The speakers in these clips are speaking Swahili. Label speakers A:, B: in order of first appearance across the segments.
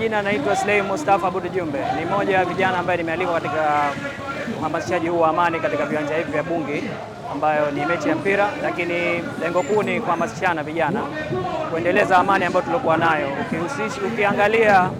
A: Jina naitwa Slay Mustafa Abud Jumbe, ni mmoja ya vijana ambaye nimealikwa katika uhamasishaji huu wa amani katika viwanja hivi vya Bungi, ambayo ni mechi ya mpira, lakini lengo kuu ni kuhamasishana vijana kuendeleza amani ambayo tulikuwa nayo. Ukiangalia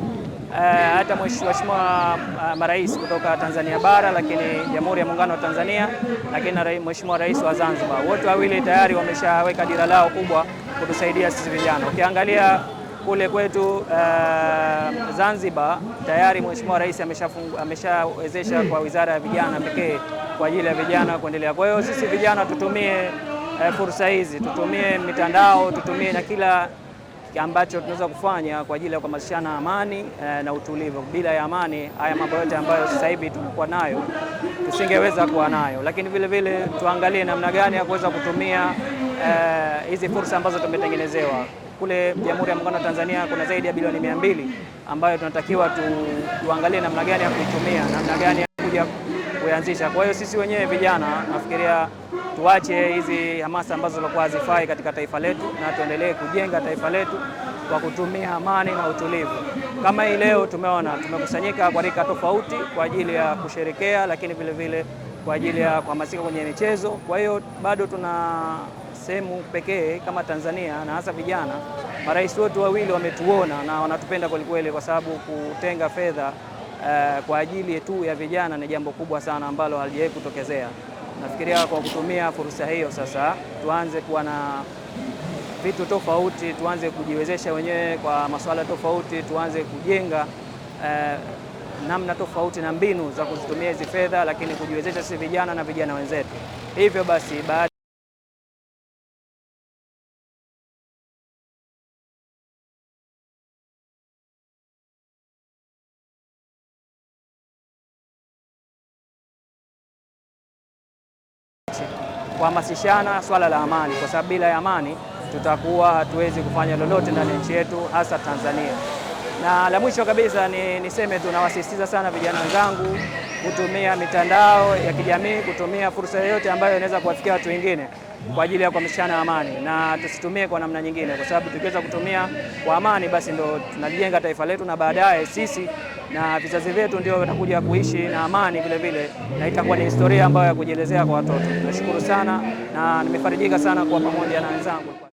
A: eh, hata mheshimiwa uh, marais kutoka Tanzania bara, lakini Jamhuri ya Muungano wa Tanzania, lakini na mheshimiwa rais wa Zanzibar, wote wawili tayari wameshaweka dira lao kubwa kutusaidia sisi vijana. Ukiangalia kule kwetu uh, Zanzibar tayari Mheshimiwa Rais ameshawezesha kwa Wizara ya Vijana pekee kwa ajili ya vijana kuendelea. Kwa hiyo sisi vijana tutumie uh, fursa hizi, tutumie mitandao, tutumie na kila ambacho tunaweza kufanya kwa ajili ya kuhamasishana amani uh, na utulivu. Bila ya amani, haya mambo yote ambayo sasa hivi tumekuwa nayo tusingeweza kuwa nayo, lakini vile vile tuangalie namna gani ya kuweza kutumia Eh, hizi uh, fursa ambazo tumetengenezewa kule Jamhuri ya Muungano wa Tanzania kuna zaidi ya bilioni mia mbili ambayo tunatakiwa tu, tuangalie namna gani ya kuitumia, namna gani ya kuja kuanzisha. Kwa hiyo sisi wenyewe vijana nafikiria tuache hizi hamasa ambazo zilikuwa hazifai katika taifa letu na tuendelee kujenga taifa letu kwa kutumia amani na utulivu. Kama hii leo tumeona tumekusanyika kwa rika tofauti kwa ajili ya kusherekea, lakini vile vile kwa ajili ya kuhamasika kwenye michezo. Kwa hiyo bado tuna sehemu pekee kama Tanzania na hasa vijana, marais wetu wawili wametuona na wanatupenda kwelikweli, kwa sababu kutenga fedha uh, kwa ajili tu ya vijana ni jambo kubwa sana ambalo halijawahi kutokezea. Nafikiria kwa kutumia fursa hiyo sasa tuanze kuwa na vitu tofauti, tuanze kujiwezesha wenyewe kwa masuala tofauti, tuanze kujenga uh, namna tofauti na mbinu za kuzitumia hizi fedha, lakini kujiwezesha sisi vijana na vijana wenzetu. Hivyo basi baada
B: kuhamasishana swala la amani, kwa sababu bila ya amani tutakuwa hatuwezi kufanya lolote ndani ya nchi yetu, hasa Tanzania. Na la mwisho kabisa ni niseme tu, nawasisitiza sana vijana wenzangu kutumia mitandao ya kijamii, kutumia fursa yoyote ambayo inaweza kuwafikia watu wengine kwa ajili ya kuhamasishana amani, na tusitumie kwa namna nyingine, kwa sababu tukiweza kutumia kwa amani, basi ndo tunajenga taifa letu na baadaye sisi na vizazi vyetu ndio watakuja kuishi na amani vile vile, na itakuwa ni historia ambayo ya kujielezea kwa watoto. Nashukuru sana na nimefarijika sana kuwa pamoja na wenzangu.